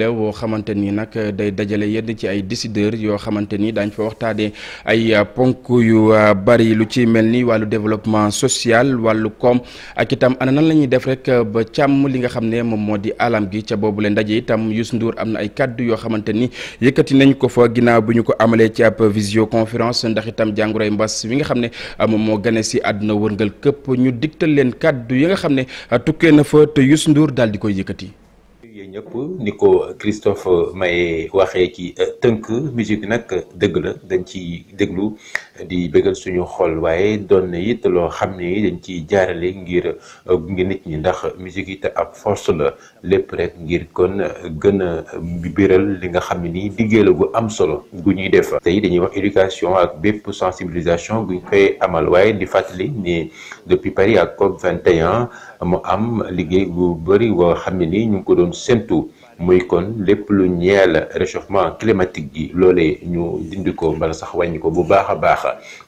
lew woo xamante ni nag eh, day dajale yenn ci ay décideurs yoo xamante ni daañ fa waxtaanee ay eh, ponk yu eh, bari lu ci mel ni wàllu développement social wàllu koom ak itam ana nan la ñuy def rek ba càmm li nga xam ne moom moo di alam gi ca boobu leen ndaje itam Youssou Ndour am na ay kàddu yoo xamante ni yëkkati nañ ko fa ginnaaw bi ñu ko amalee ci ab visioconférence ndax itam jàngoroy mbas wi nga xam ne moom moo gane si àdduna wërngal këpp ñu digtal leen kaddu yi nga xam ne tukkee na fa te daal di koy yëkkati. ñëpp ni ko Christophe Maé waxee ci euh, tënk musique nag euh, dëgg la dañ ci déglu euh, di bëggal suñu xol waaye doon na it loo xam ne dañ ci jaarale ngir gunge nit ñi ndax musique te ab force la lépp rek ngir kon gën a biral li nga xam ne nii liggéey la gu am solo gu ñuy def tey dañuy wax éducation ak bépp sensibilisation guñ koy amal waaye di fàttali ni depuis Paris ak COP mu am liggéey bu bëri boo xam ne ñu ko doon séntu séentu muy kon lépp lu ñeel réchauffement climatique gi loole ñu dind ko mbala sax wàññi ko bu baax a baax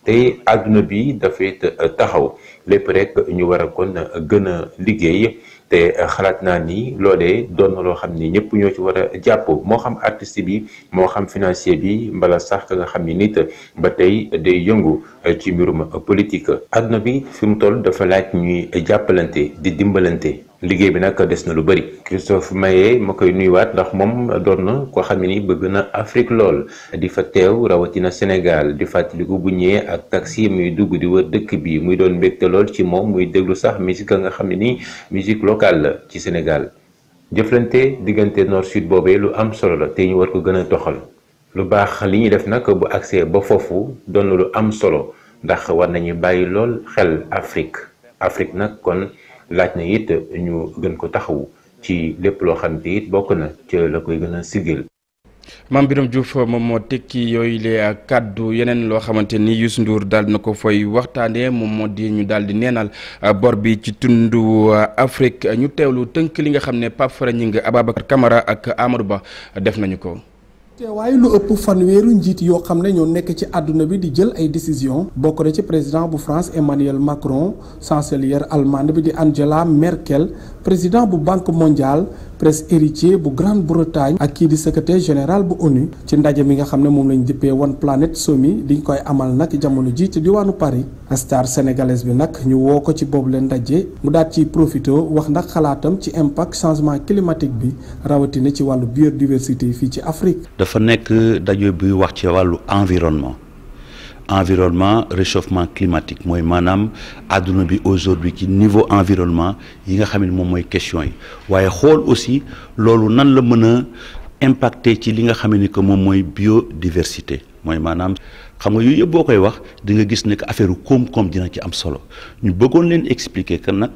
tey àdduna bi dafay taxaw lépp rek ñu war a kon gën a liggéey te xalaat naa ni loolee doon na loo xam ni ñëpp ñoo ci war a jàpp moo xam artiste bi moo xam financier bi mbala sax ka nga xam ni nit ba tey day yëngu ci mbirum politique. àdduna bi fi mu toll dafa laaj ñuy jàppalante di dimbalante. liggéey bi nag des na lu bëri Christophe Maé ma koy nuyuwaat ndax moom doon na koo xam ne ni bëgg na Afrique lool di fa teew rawatina Sénégal di fàttaliku bu ñëwee ak taxi muy dugg di wër dëkk bi muy doon mbégte lool ci moom muy déglu sax musique nga xam ne ni musique locale la ci Sénégal jëflante diggante nord sud boobee lu am solo la te ñu war ko gën a doxal lu baax li ñuy def nag bu accès ba foofu doon na lu am solo ndax war nañu bàyyi lool xel Afrique laaj na it ñu gën ko taxawu ci lépp loo xam te bokk na ci la koy gën a sigil. maam Birame Diouf moom moo tekki yooyu la kàddu yeneen loo xamante ni Youssou Ndour daal na ko fooy waxtaanee moom moo di ñu daal di neenal uh, bor bi ci tundu uh, Afrique ñu teewlu tënk li nga xam ne Pape Fara Ñing ababa kamara ak Amadou Ba def nañu ko. te waaye lu ëpp fanweeru njiit yoo xam ne ñoo nekk ci àdduna bi di jël ay décision bokk na ci président bu France Emmanuel Macron chancelière allemande bi di Angela Merkel président bu banque mondiale prince héritier bu Grande-Bretagne ak kii di secrétaire général bu ONU ci ndaje mi nga xam ne moom lañ jëppee One Planet Summit diñ koy amal nag jamono ji ci diwaanu Paris star sénégalaise bi nag ñu woo ko ci boobu leen ndaje mu daat ciy profité wax ndax xalaatam ci impact changement climatique bi rawatina ci wàllu biodiversité fii ci Afrique. dafa nekk daje buy wax ci wàllu environnement. environnement réchauffement climatique mooy maanaam àdduna bi aujourd'hui ci niveau environnement yi nga xam ne moom mooy question yi waaye xool aussi loolu nan la mën a impacter ci li nga xam ni que moom mooy biodiversité mooy maanaam xam nga yooyu yëpp boo koy wax di nga gis ne que affaire koom-koom dina ci am solo ñu bëggoon leen expliquer que nag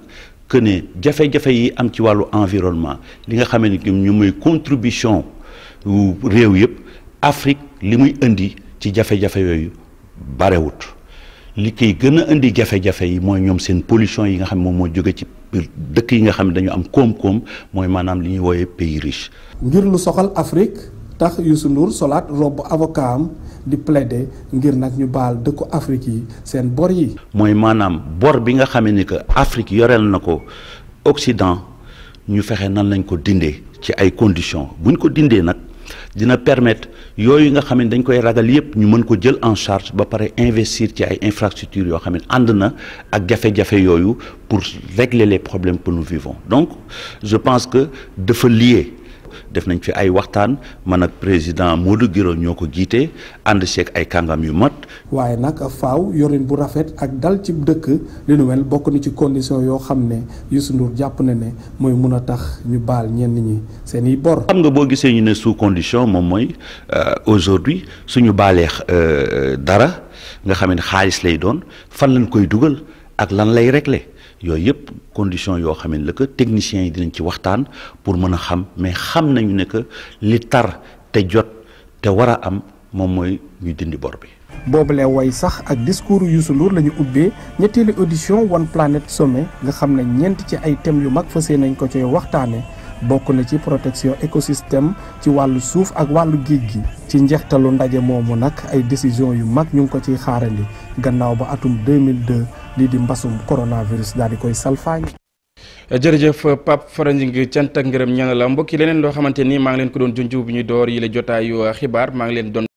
que ne jafe-jafe yi am ci wàllu environnement li nga xam ne ñu mooy contribution réew yëpp Afrique li muy indi ci jafe yooyu. barewut li koy gën a indi jafe-jafe yi mooy ñoom seen pollution yi nga xam moom moo jóge ci dëkk yi nga xam ne dañu am koom-koom mooy maanaam li ñuy wooyee pays riche. ngir lu soxal Afrique tax yu su Ndour solaat robb avocat am di plaider ngir nag ñu baal dëkku Afrique yi seen bor yi. mooy maanaam bor bi nga xamee ni que Afrique yoreel na ko Occident ñu fexe nan lañ ko dindee ci ay conditions buñ ko dindee nag. dina permettre yooyu nga xam ne dañ koy ragal yëpp ñu mën ko jël en charge ba pare investir ci ay infrastructures yoo xam ne ànd na ak jafe-jafe yooyu pour régler les problèmes que nous vivons donc je pense que dafa lié def nañu fi ay waxtaan man ak président Modou Giro ñoo ko jiite ànd seeg ay kàngam yu mat. waaye nag faaw yorin bu rafet ak dal ci dëkk li nu wel bokk na ci condition yoo xam ne yu Ndour jàpp na ne mooy mun a tax ñu baal ñenn ñi seen i bor. xam nga boo gisee ñu ne sous condition moom mooy euh, aujourd'hui suñu baalee euh, dara nga xam ne xaalis lay doon fan lañ koy dugal ak lan lay régler. yooyu yëpp condition yoo xam ne la que techniciens yi dinañ ci waxtaan pour mën a xam mais xam nañu ne que li tar te jot te war a am moom mooy ñu dindi bor bi. boobu boobule woy sax ak discours Youssou Ndour la ñu ubbee ñetteelu audition One Planet Sommet nga xam ne ñeent ci ay thèmes yu mag fa fas nañ ko cay waxtaanee. bokk na ci protection écosystème ci wàllu suuf ak wàllu géej gi ci njeextalu ndaje moomu nag ay décision yu mag ñu ngi ko ciy xaarandi gannaaw ba atum 2002 lii di mbasum coronavirus daal di koy salfaañi jërëjëf Pape Faranjing cant ak ngërëm ñaanal la mbokki leneen loo xamante ni maa ngi leen ko doon junj bi ñu door yi la jotaayu xibaar maa ngi leen doon